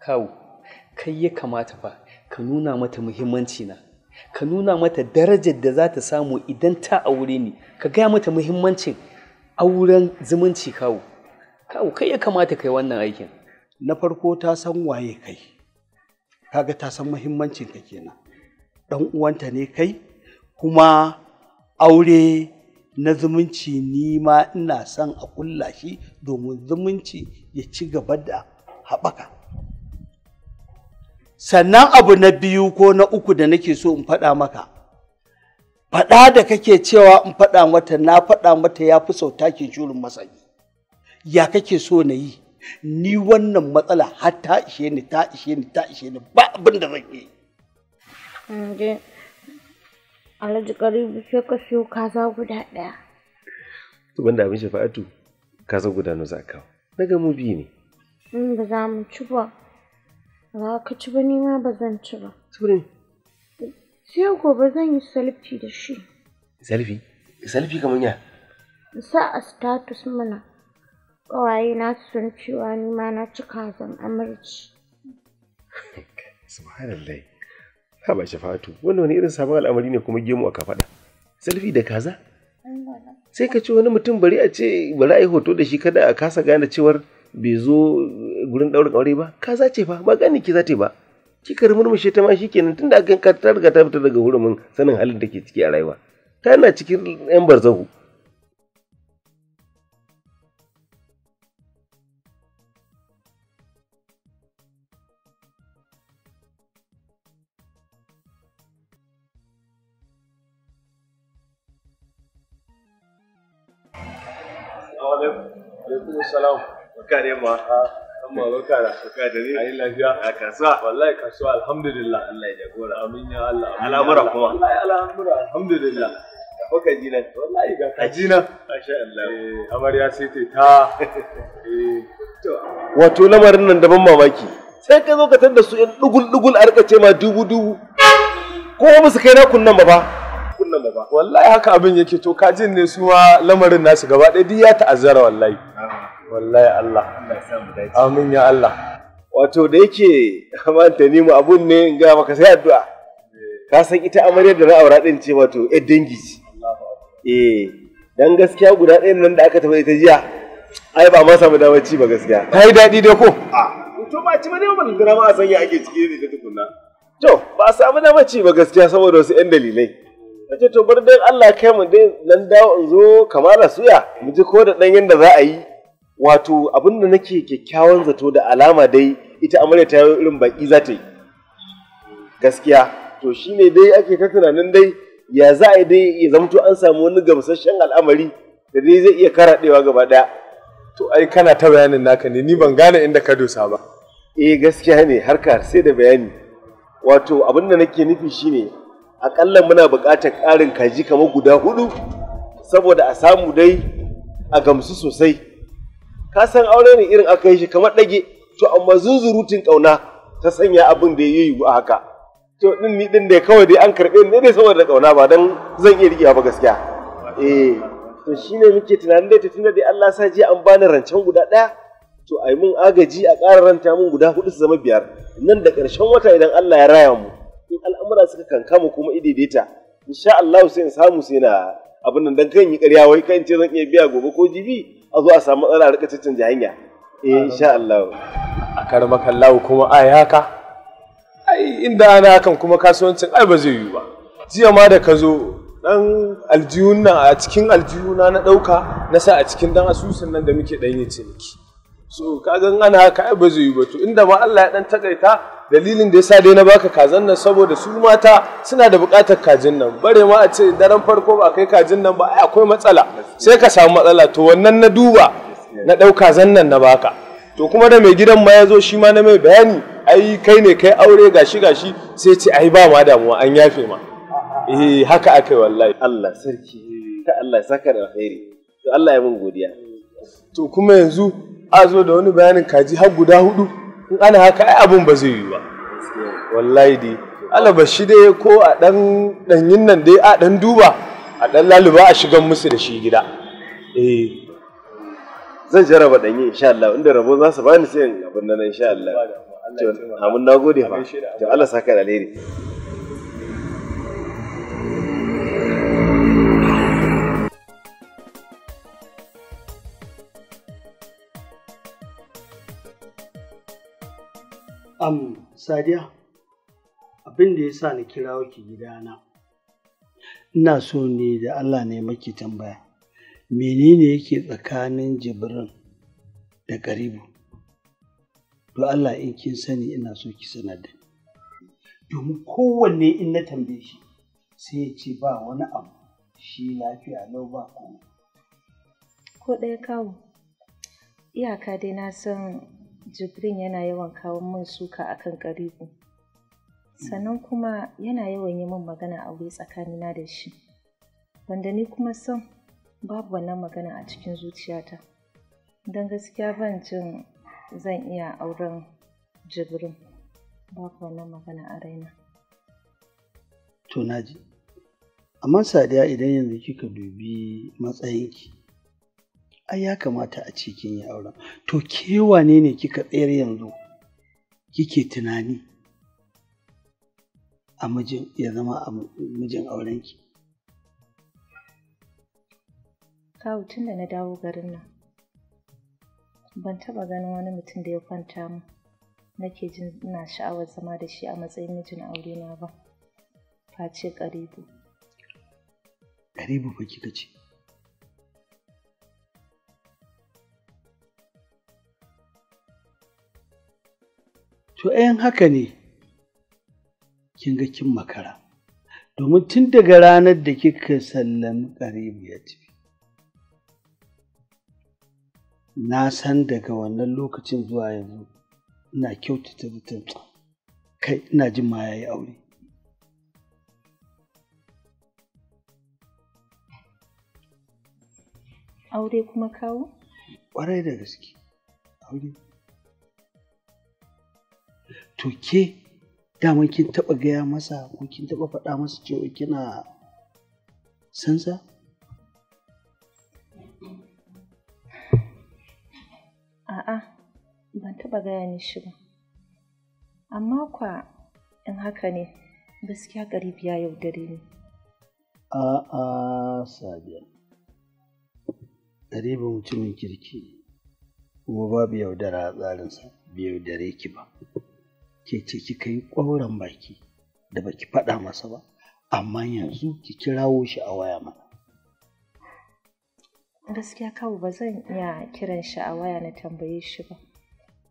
kawu kai ya kamata fa ka nuna mata muhimmanci na ka nuna mata darajar da za ta samu idan ta aure ni ka gaya mata muhimmancin auren zumunci kawo kawo kai ya kamata kai wannan aikin na farko ta san waye kai kaga ta san muhimmancin ka kenan dan uwanta ne kai kuma aure na zumunci ni ma ina son a kulla shi domin zumunci ya ci gaba da haɓaka sannan abu na biyu ko na uku da nake so in faɗa maka faɗa da kake cewa in faɗa mata na faɗa mata ya fi sau take jurin masani ya kake so na yi ni wannan matsala har ta ishe ni ta ishe ni ta ishe ni ba abin da zan yi alhaji karibu sai ka siyo kaza guda ɗaya to banda abin shafa'atu kaza guda nawa za ka kawo daga mu biyu ne ba za mu ci ba Ba ka ci ba nima ba zan ci ba. Saboda Sai gobe zan yi salfi da shi. Salfi? Salfi kamar ya? Sa a status mana. Kawai na sun cewa ni ma na ci kazan amurci. Subhanallah. Ha ba shafatu. Wannan wani irin sabon al'amari ne kuma gemu a kafaɗa. Salfi da kaza? Sai ka ci wani mutum bari a ce bari a yi hoto da shi kada a kasa gane cewar bai zo gurin ɗaurin aure ba ka zace fa ba gani ki zace ba kika murmushe ta ma shikenan tunda kan ka ta riga ta fita daga hurumin sanin halin da ke ciki a rayuwa tana cikin yan barzahu Mabaka da. Baka da ne. Ayi lafiya. A kasuwa. Wallahi kasuwa alhamdulillah. Allah ya jagora. Amin ya Allah. Al'amura kuma. Wallahi al'amura alhamdulillah. Ka ji nan. Wallahi ga ka ji nan. Masha Allah. Eh amarya sai ta ta. Eh Wato lamarin nan da ban mamaki. Sai ka zo ka tar da su yan dugul dugul a rika ce ma dubu dubu. Ko ba su kai na kunnan ba ba. kunnan ba ba. Wallahi haka abin yake to kajin ne su ma lamarin nasu gaba ɗaya duk ya ta'azzara wallahi. wallahi Allah amin ya Allah wato da yake amanta ni mu abun ne in ga maka sai addu'a ka san ita amaryar da na aura din ce wato yar dangi eh dan gaskiya guda ɗayan nan da aka tafi ta jiya ai ba ma samu damar ci ba gaskiya kai daɗi da ko a to ba ci ba ba da ma a sanya ake ciki ne ta tukunna to ba a samu damar ci ba gaskiya saboda wasu 'yan dalilai na ce to bar dai Allah kai mu dai nan dawo in zo kamar suya mu ji ko da ɗan yadda za a yi wato abin da nake kyakkyawan zato da alama dai ita amarya ta yi irin baki za ta yi gaskiya to shine dai ake ta tunanin dai ya za a yi dai ya zamto an samu wani gamsasshen al'amari da dai zai iya karaɗewa gaba ɗaya to ai kana ta bayanin naka ne ni ban gane inda ka dosa ba eh gaskiya ne harka sai da bayani wato abin da nake nufi shine akalla muna buƙatar ƙarin kaji kamar guda hudu saboda a samu dai a gamsu sosai ka san aure ne irin aka yi shi kamar ɗage to amma zuzurutin ƙauna ta sanya abin da ya yi a haka to din ni din da kawai dai an karɓe ni dai saboda ƙauna ba dan zan iya riƙewa ba gaskiya eh to shine muke tunanin dai da dai Allah sa ji an bani rancen guda ɗaya to ai mun agaji a ƙara ranta mun guda hudu su zama biyar nan da ƙarshen wata idan Allah ya raya mu in al'amura suka kankama kuma idaidaita insha Allah sai in samu sai na abin nan dan kan yi ƙarya wai kan ce zan iya biya gobe ko jibi a zo a samu tsara a rika canja hanya eh insha Allah a karma kallahu kuma ai haka ai inda ana hakan kuma kasuwancin ai ba zai yi ba jiya ma da ka zo dan aljihun nan a cikin aljihun na ɗauka na sa a cikin dan asusun nan da muke dan ciniki so kagan ana haka ai ba zai yi ba to inda ma Allah ya dan takaita dalilin da yasa dai na baka kazan nan saboda su mata suna da buƙatar kajin nan bare ma a ce daren farko ba kai kajin nan ba ai akwai matsala sai ka samu matsala to wannan na duba na ɗau zannan nan na baka to kuma da mai gidan ma ya zo shi ma na mai bayani ai kai ne kai aure gashi gashi sai ce ai ba ma damuwa an yafe ma eh haka akai wallahi Allah sarki Ta Allah saka da alheri to Allah ya mun godiya to kuma yanzu a zo da wani bayanin kaji har guda hudu in ana haka ai abin ba zai yi ba wallahi dai ba shi dai ko a dan danyin nan dai a dan duba a dan laluba a shigan musu da shi gida eh zan jaraba danyi insha Allah inda rabo za su bani sai abin nan insha Allah amin nagode fa to Allah saka da alheri Am Sadiya, abin da ya sa na kira ki gidana, ina so ne da Allah ne maki tambaya, menene yake tsakanin jibrin da garibu? To Allah in kin sani ina so ki sanar da Domin kowanne in na tambaye shi sai ya ce ba wani abu shi lafiya lau ba kuma. Ko ɗaya kawo, iyaka dai na san jibrin yana yawan kawo min suka a kan karibu sannan kuma yana yawan yi min magana a wuri tsakanina da shi wanda ni kuma son babu wannan magana a cikin zuciyata don gaskiya ban jin zan iya auren jibrin babu wannan magana a raina to naji amma sadiya idan yanzu kika dubi matsayinki ai ya kamata a cikin kin yi auren to ke wane ne kika tsayar yanzu kike tunani a mijin ya zama a mijin aurenki kawo tun da na dawo garin nan ban taba ganin wani mutum da ya kwanta mu nake jin ina sha'awar zama da shi a matsayin mijin aure na ba face karibu karibu ba kika ce To ‘yan haka ne, kin ga kin makara, domin tun daga ranar da kika sallami ƙaribu ya tafi. Na san daga wannan lokacin zuwa yanzu ina kyautata mutum kai ina jin ma ya yi aure. Aure kuma kawo? Ƙwarai da gaske, aure. to ke dama kin taɓa gaya masa ko kin taɓa faɗa masa cewa kina sansa? A'a, ban taɓa gaya ni shi ba. Amma kwa in haka ne, gaskiya garib ya yaudare ni. A'a, Sadiya. Garibin mutumin kirki kuma babu yaudara a tsarinsa, bai yaudare ki ba. ke ce kika yi ƙwauren baki da baki faɗa masa ba amma yanzu ki kirawo shi a waya mana gaskiya kawo ba zan iya kiran shi a waya na tambaye shi ba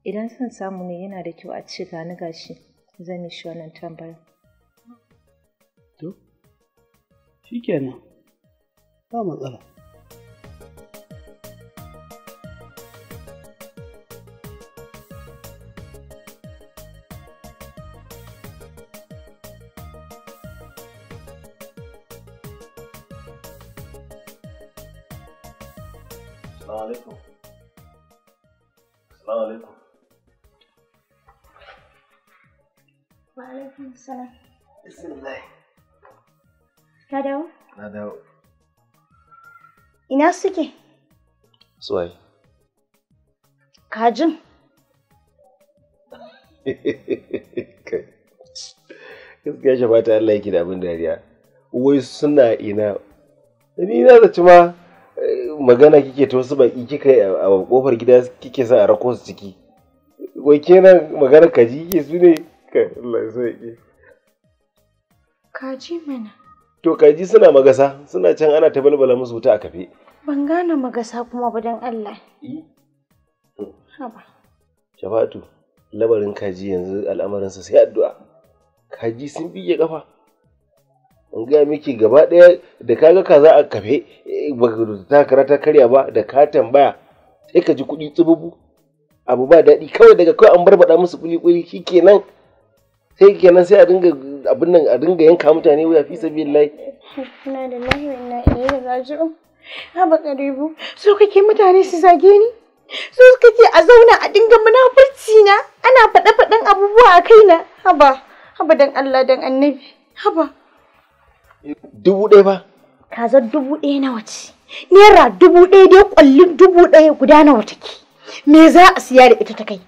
idan zan samu ne yana da kyau a ce gani gashi zan yi shi wannan tambaya. to shikenan ba matsala Salam. Bismillah. Ka dawo? Na dawo. Ina suke? Suwaye. Kajin. Gaskiya shi bata Allah yake da abin dariya. Wai suna ina. Ni na zaci ma magana kike ta wasu baki kika a kofar gida kike sa a rakon su ciki. Wai kenan magana kaji kike su ne? Allah ya sauke. Kaji mana. To kaji suna magasa suna can ana ta balbala musu wuta a kafe. Ban gane magasa kuma ba dan Allah. Haba. Shafatu, labarin kaji yanzu al'amarinsa sai addu'a. Kaji sun bige kafa. In ga miki gaba ɗaya da kaga kaza a kafe eh, ba ta kara ta karya ba da ka tambaya sai ka ji kuɗi tsububu. Abu ba daɗi kawai daga kawai an barbaɗa musu kuli-kuli shikenan sai kenan sai a dinga abin nan a dinga yanka mutane wuya fi sabilillahi inna iya da inna ilaihi raji'un haba karibu so kake mutane su zage ni so kake a zauna a dinga munafurci na ana faɗa faɗan abubuwa a kai na. haba haba dan Allah dan annabi haba dubu ɗaya ba kazar dubu ɗaya na wace, naira dubu ɗaya dai kwallin dubu ɗaya guda nawa take me za a siya da ita ta kai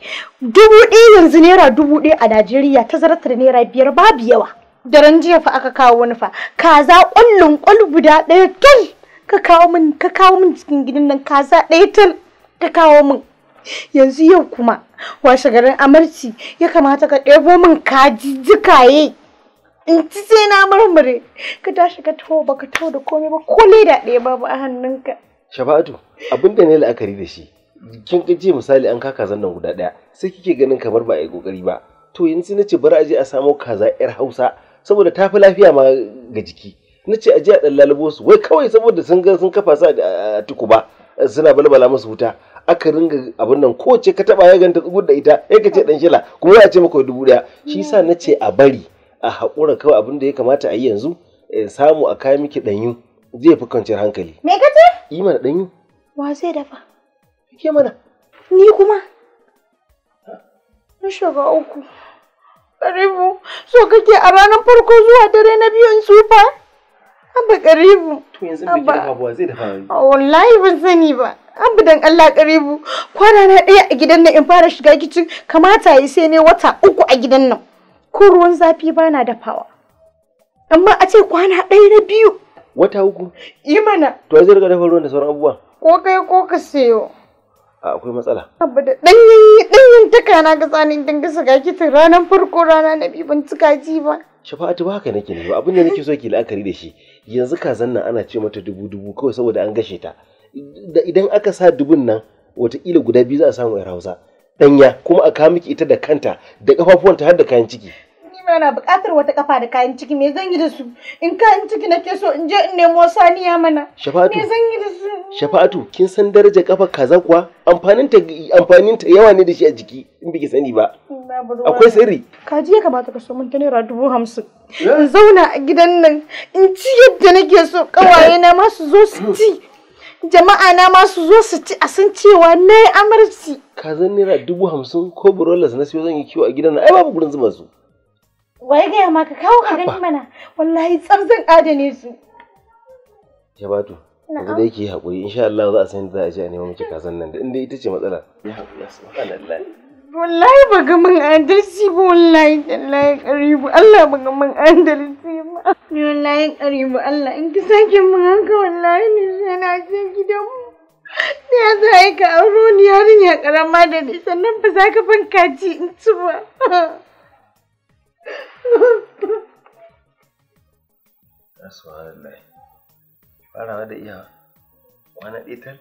dubu ɗaya yanzu naira dubu ɗaya a najeriya ta zartar naira biyar babu yawa daren jiya fa aka kawo wani fa kaza ƙwallon ƙwal guda ɗaya tal ka kawo min ka kawo min cikin gidan nan kaza ɗaya tal ka kawo min yanzu yau kuma washe garin amarci ya kamata ka ɗebo min kaji jikaye in ci sai na murmure ka tashi ka taho ba taho da komai ba ko leda ɗaya babu a hannunka shaba'atu abin ne la'akari da shi kin ji misali an ka kazan nan guda ɗaya sai kike ganin kamar ba a yi kokari ba to yanzu na ce bari a je a samo kaza yar hausa saboda ta fi lafiya ma ga jiki na ce a je a ɗan lalubo su wai kawai saboda sun ga sun kafa su a ba, suna balbala musu wuta aka ringa abin nan kowace ka taba ya ganta tsugur da ita ya ka ce dan shila kuma ya ce maka dubu daya shi yasa na ce a bari a hakura kawai abin da ya kamata a yi yanzu samu a kayan miki ɗanyu zai fi kwanciyar hankali me ka Yi mana ɗanyu wa zai dafa ke mana ni kuma na shiga uku Karibu, so kake a ranar farko zuwa dare na biyu in tsufa? Abba Karibu. To yanzu me ke faruwa zai da faru? Wallahi ban sani ba. Abba dan Allah Karibu, kwana na ɗaya a gidan nan in fara shiga kicin kamata yi sai ne wata uku a gidan nan. Ko ruwan zafi bana dafawa. Amma a ce kwana ɗaya na biyu. Wata uku? Yi mana. To yanzu riga dafa ruwan da sauran abubuwa. Ko kai ko ka sayo. akwai matsala. Abu da ɗanyen ɗanyen taka na ga tsanin dan gasa ga kitin ranar farko rana na biyu ban cika ji ba. Shafa'atu ba haka nake ne ba abin da nake so ki la'akari da shi yanzu kazan nan ana ce mata dubu dubu kawai saboda an gashe ta. Idan aka sa dubun nan watakila guda biyu za a samu yar Hausa. Ɗanya kuma a kawo miki ita da kanta da ƙafafuwanta har da kayan ciki. ana buƙatar wata kafa da kayan ciki me zan yi da su in kayan ciki na ke so in je in nemo saniya mana shafa'atu me zan yi da su shafa'atu kin san darajar kafa kaza kuwa amfanin ta amfanin ta yawa ne da shi a jiki in biki sani ba akwai sirri ka ji ya kamata ka so mun naira dubu hamsin eh? in zauna a gidan nan in ci yadda nake so kawaye na ma su zo su ci jama'a na ma su zo su ci a san cewa na yi amarci. Kazan naira dubu hamsin ko burolas na siyo zan yi kiwo a gidan ai babu gurin zuba su. Wai gaya ma ka kawo ka gani mana wallahi tsar zan adane su. Jabatu, yanzu da yake haƙuri insha Allah za a san za a je a nemo miki kasan nan da inda ita ce matsala. Ya haƙuri subhanallah. Wallahi ba ga mun adalci ba wallahi tallahi karibu Allah ba ga mun adalci ba. Wallahi karibu Allah in ki sake mun haka wallahi ni sai na je gidanmu. Ni ya za a yi ka auro ni yarinya karama da ni sannan ba za ka banka ci in ci ba. Subhanallah. Farawa da iya Wani ɗitar?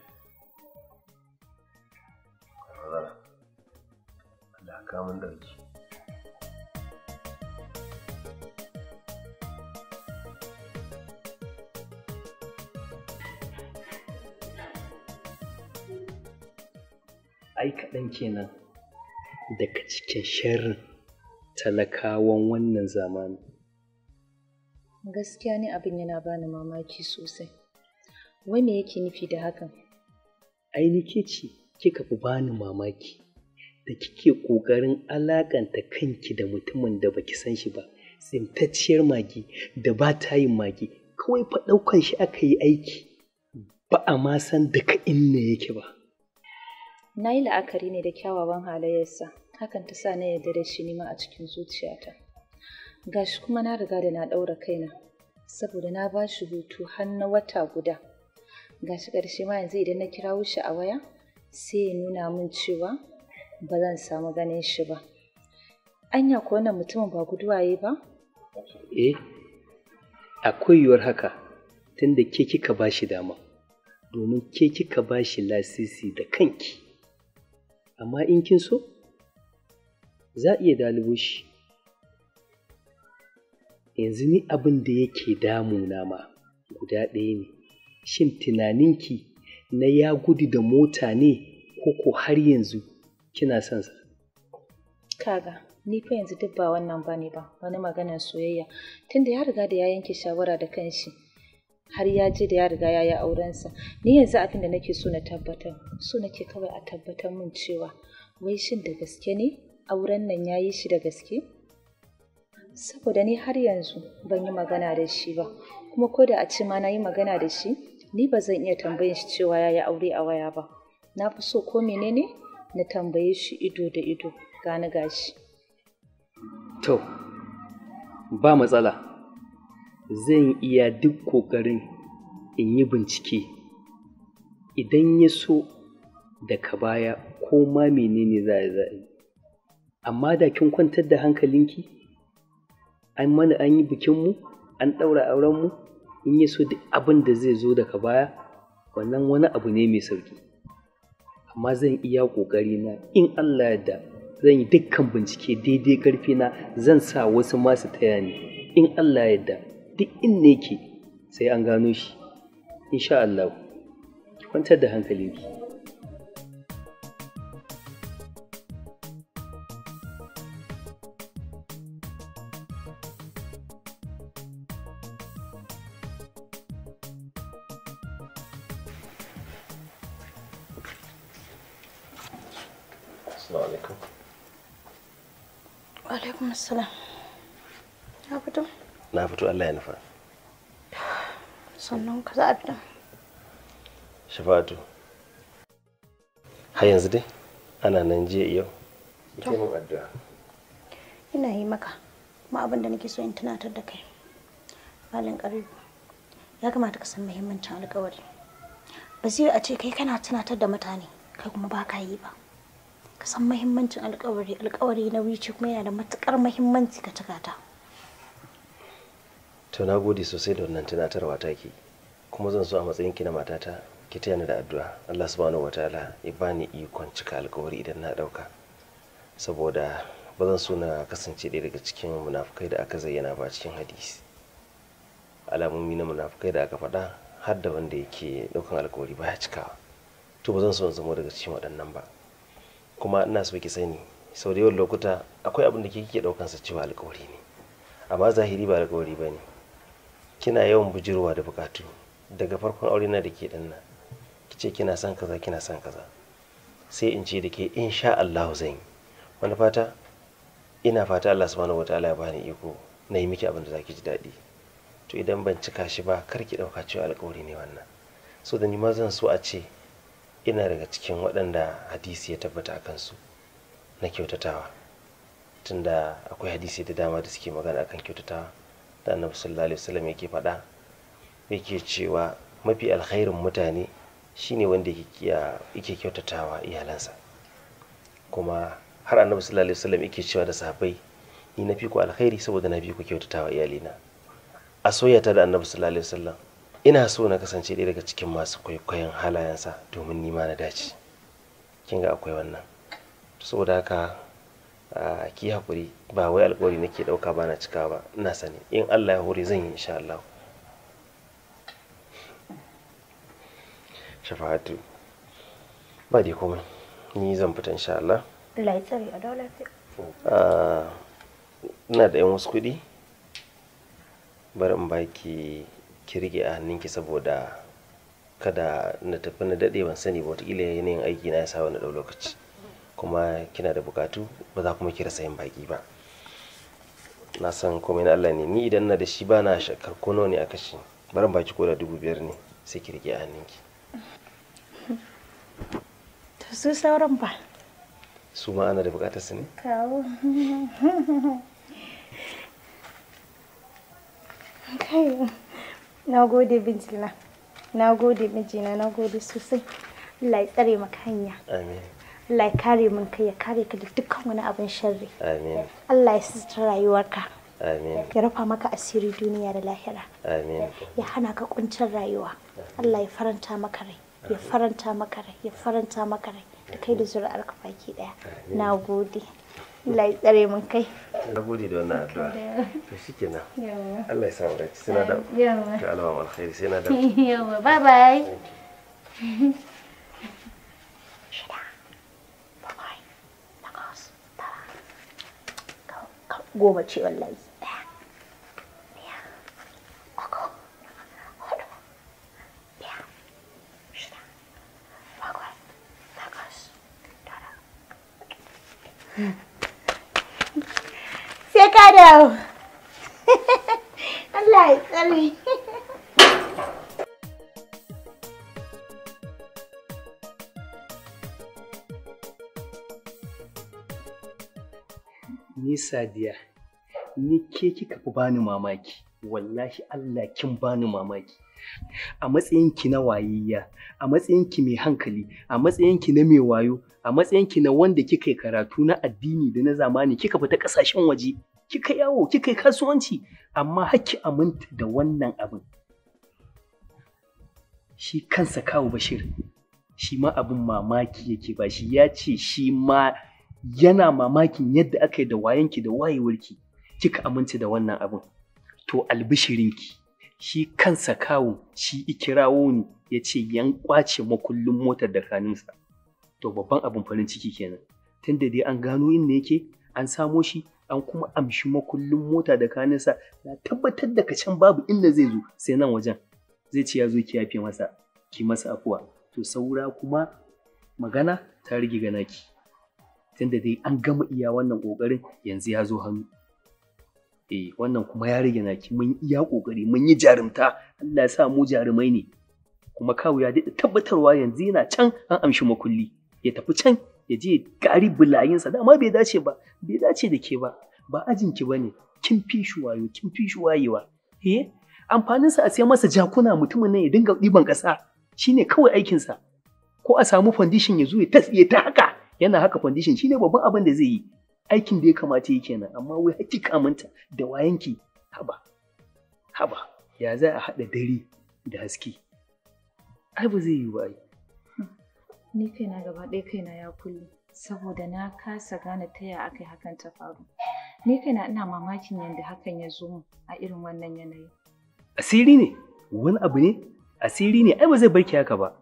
Kwararra. Allah kamun ɗauki. Ai kaɗan kenan daga cikin sharrin talakawan wannan zamani gaskiya ne abin yana bani mamaki sosai wai me yake nufi da hakan ainihi ce kika fi bani mamaki da kike ƙoƙarin alaƙanta kanki da mutumin da baki san shi ba tsintacciyar magi da ba ta yin magi kawai fa ɗaukan shi aka yi aiki ba a ma san ka inda yake ba na yi la'akari ne da kyawawan halayyarsa hakan ta sa na yarda da shi nima a cikin zuciyata gashi kuma na riga da na ɗaura kaina saboda na ba shi hutu har na wata guda gashi ƙarshe ma yanzu idan na kira shi a waya sai ya nuna min cewa ba zan samu ganin shi ba anya ko wannan mutumin ba guduwaye ba eh akwai yiwuwar haka tunda ke kika ba shi dama domin ke kika ba shi lasisi da kanki amma in kin so za a iya dalibo shi yanzu ni abin da yake damuna ma guda ɗaya ne shin tunaninki na ya gudu da mota ne ko ko har yanzu kina son sa kaga ni fa yanzu duk ba wannan bane ba wani maganar soyayya tunda ya riga da ya yanke shawara da kanshi har ya je da ya riga ya yi aurensa ni yanzu abin da nake so na tabbatar so nake kawai a tabbatar min cewa wai shin da gaske ne auren nan ya yi shi da gaske? Saboda ni har yanzu ban yi magana da shi ba, kuma ko da a ce ma na yi magana da shi, ni ba zan iya tambayin shi cewa ya yi aure a waya ba. Na fi so ko menene na tambaye shi ido da ido gani gashi. To, ba matsala, zan iya duk ƙoƙarin in yi bincike idan ya so daga baya ko ma menene za a yi. amma da kin kwantar da hankalinki an mana an yi bikinmu an ɗaura aurenmu in yi so duk abin da zai zo daga baya wannan wani abu ne mai sauki amma zan iya ƙoƙari na in Allah yarda zan yi dukkan bincike daidai ƙarfi na zan sa wasu masu taya ni in Allah yarda duk in ne ke sai an gano shi insha Allah ki kwantar da hankalinki Assalamu alaikum. Wa alaikum assalam. fito? Na fito Allah ya nufa. Sannan ka za a fito. Shafatu. Har yanzu dai ana nan jiya yau. Ke mun addu'a. Ina yi maka kuma abin da nake so in tunatar da kai. Malam Karibu. Ya kamata ka san muhimmancin alƙawari. Ba zai a ce kai kana tunatar da mutane kai kuma ba ka yi ba. ka san mahimmancin alkawari alkawari na wuce kuma yana da matukar mahimmanci ka cika ta to na gode sosai da wannan tunatarwa ta ke, kuma zan so a matsayin ki na matata ki taya ni da addu'a Allah subhanahu wataala ya bani ikon cika alkawari idan na dauka saboda ba zan so na kasance ɗaya daga cikin munafukai da aka zayyana ba cikin hadisi alamomi na munafukai da aka faɗa har da wanda yake ɗaukan alkawari baya cikawa to ba zan so in zama daga cikin waɗannan ba kuma ina so ki sani sau da yawan lokuta akwai abin da ke kike daukan sa cewa alkawari ne amma zahiri ba alkawari ba ne kina yawan bujirwa da bukatu daga farkon aure na da ke dan nan kice kina son kaza kina son kaza sai in ce da ke insha Allah zan yi wani fata ina fata Allah subhanahu wataala ya bani iko na yi miki abin da zaki ji daɗi to idan ban cika shi ba kar ki ɗauka cewa alkawari ne wannan so da ni ma zan so a ce ina daga cikin waɗanda hadisi ya tabbata a kansu na kyautatawa tunda akwai hadisi da dama da suke magana akan kyautatawa da annabi sallallahu alaihi wasallam yake faɗa yake cewa mafi alkhairin mutane shine wanda yake kyautatawa iyalansa kuma har annabi sallallahu alaihi wasallam yake cewa da sahabbai ni na fi ku alkhairi saboda na fi ku kyautatawa iyalina a soyata da annabi sallallahu alaihi wasallam ina so na kasance ɗaya daga cikin masu kwaikwayon halayensa domin nima na dace kin ga akwai wannan saboda haka ki hakuri ba wai alƙawari nake ɗauka ba na cika ba ina sani in Allah ya hore zan yi insha Allah shafa'atu ba dai kuma ni zan fita insha Allah Allah ya tsare a ina da yan wasu kuɗi bari in baki ki rike a hannunki saboda kada na tafi na daɗe ban sani ba wataƙila yanayin aiki na ya sa wani ɗau lokaci kuma kina da bukatu ba za kuma ki rasa yin baƙi ba na san komai na Allah ne ni idan na da shi ba na shakar ko nawa ne a shi barin baki ko da dubu biyar ne sai ki rike a hannunki to su sauran ba su ma ana da bukatar su ne kawo kai na gode bijina na gode mijina na gode sosai Allah ya tsare maka hanya Allah ya kare min kai ya kare ka da dukkan wani abin sharri Allah ya sutura rayuwarka ya rufa maka asiri duniya da lahira ya hana ka kuncin rayuwa Allah ya faranta maka rai ya faranta maka rai ya faranta maka rai da kai da zuri'arka baki daya Nagode. Allah ya tsare mun kai na gode da wannan addu'a to shikenan Allah ya sa dace sai na da to alama sai na da yawa bye bye goma ce wallahi video. Allah ya tsare ni sadiya ni ke kika fi bani mamaki wallahi Allah kin bani mamaki a matsayinki na wayayya a matsayinki mai hankali a matsayinki na mai wayo a matsayinki na wanda kika yi karatu na addini da na zamani kika fita ƙasashen waje kika yawo kika yi kasuwanci amma hakki aminta da wannan abin shi kansa kawo bashir shi ma abin mamaki yake ba shi ya ce shi ma yana mamakin yadda aka yi da wayanki da wayewarki kika aminta da wannan abin to albishirinki shi kansa kawo shi ikirawo ne ya ce yan kwace makullin motar da kanunsa to babban abin farin ciki kenan tun da dai an gano inda yake an samo shi an kuma amshi makullin mota da kaninsa na tabbatar da can babu inda zai zo sai nan wajen zai ce ya zo ki yafe masa ki masa afuwa to saura kuma magana ta rige gana ki tunda dai an gama iya wannan kokarin yanzu ya zo hannu eh wannan kuma ya rige naki mun iya kokari mun yi jarumta Allah ya sa mu jarumai ne kuma kawu ya daɗa tabbatarwa yanzu yana can an amshi makulli ya tafi can ya je ƙari bulayinsa dama bai dace ba bai dace da ke ba ba ajin ki bane kin fi shi wayo kin fi shi wayewa eh amfanin sa a sai masa jakuna mutumin nan ya dinga ɗiban ƙasa shine kawai aikinsa ko a samu foundation ya zo ya tasye ta haka yana haka foundation shine babban abin da zai yi aikin da ya kamata yake nan. amma wai hakika manta da wayanki haba haba ya za a haɗa dare da haske ai ba zai yi ba Ni kaina gaba ɗaya kaina ya kulle saboda na kasa gane ta ya aka hakan ta faru. Ni kaina ina mamakin yadda hakan ya zo mu a irin wannan yanayi. Asiri ne, wani abu ne, asiri ne, ai ba zai barki haka ba.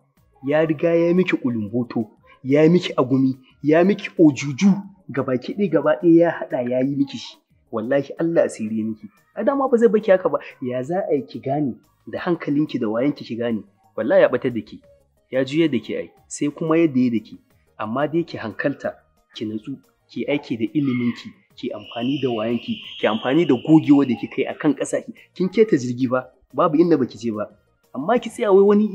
Ya riga ya miki ulumboto, ya miki agumi, ya miki ojuju, gaba kiɗi gaba ɗaya ya haɗa ya yi miki shi. Wallahi Allah asiri miki. A dama ba zai barki haka ba, ya za a yi ki gane da hankalinki da wayanki ki gane, wallahi ya ɓatar da ki. ya ji yadda ke ai sai kuma yadda ya dake amma dai ki hankalta ki natsu ki aiki da iliminki ki amfani da wayanki ki amfani da gogewa da kai a kan ƙasa kin keta jirgi ba babu inda baki je ba amma ki tsaya wai wani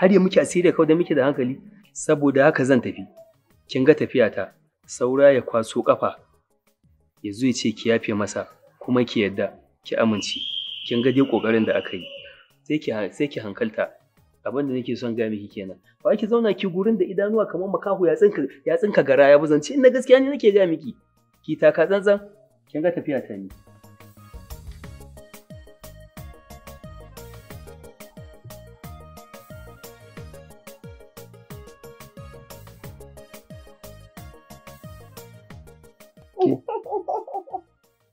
har ya muke asiri kawai da muke da hankali saboda haka zan tafi kin ga ta, saura ya kwaso kafa ya zo ya ce ki yafe masa kuma ki yadda ki amince kin ga dai kokarin da aka yi sai ki hankalta abin da nake son gami miki kenan ba ki zauna ki gurin da idanuwa kamar makaho ya tsinka ya tsinka gara ya buzanci in na gaskiya ne nake gami miki ki taka tsantsan kin ga tafiya ta ni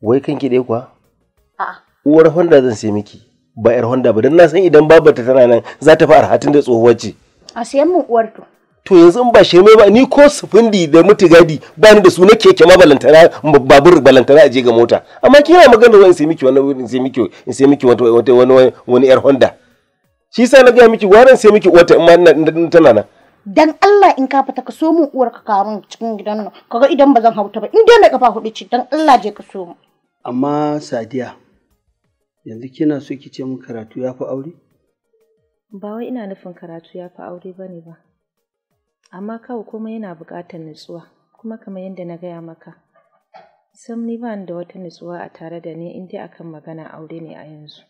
Wai kanki dai kuwa? A'a. Uwar Honda zan sai miki. ba yar honda ba don na san idan babar ta tana nan za ta fi arhatin da tsohuwar ce a siyan mu uwar to to yanzu in ba mai ba ni ko sufundi da mutigadi ba ni da su na keke ma balantana babur balantana a je ga mota amma kina magana wani sai miki wani in sai miki in sai miki wani wani wani yar honda shi sa na ga miki waran sai miki wata in tana nan dan Allah in ka fita ka so mu uwar ka kawo cikin gidan nan kaga idan ba zan hauta ba in dai mai kafa hudu ci dan Allah je ka so mu amma Sadiya yanzu kina so ki ce mu karatu ya fi aure? Ba wai ina nufin karatu ya fi aure ba ne ba, amma kawai kuma yana buƙatar nutsuwa, kuma kamar yadda na gaya maka. Sam bani da wata nutsuwa a tare da ni in dai akan magana aure ne a yanzu.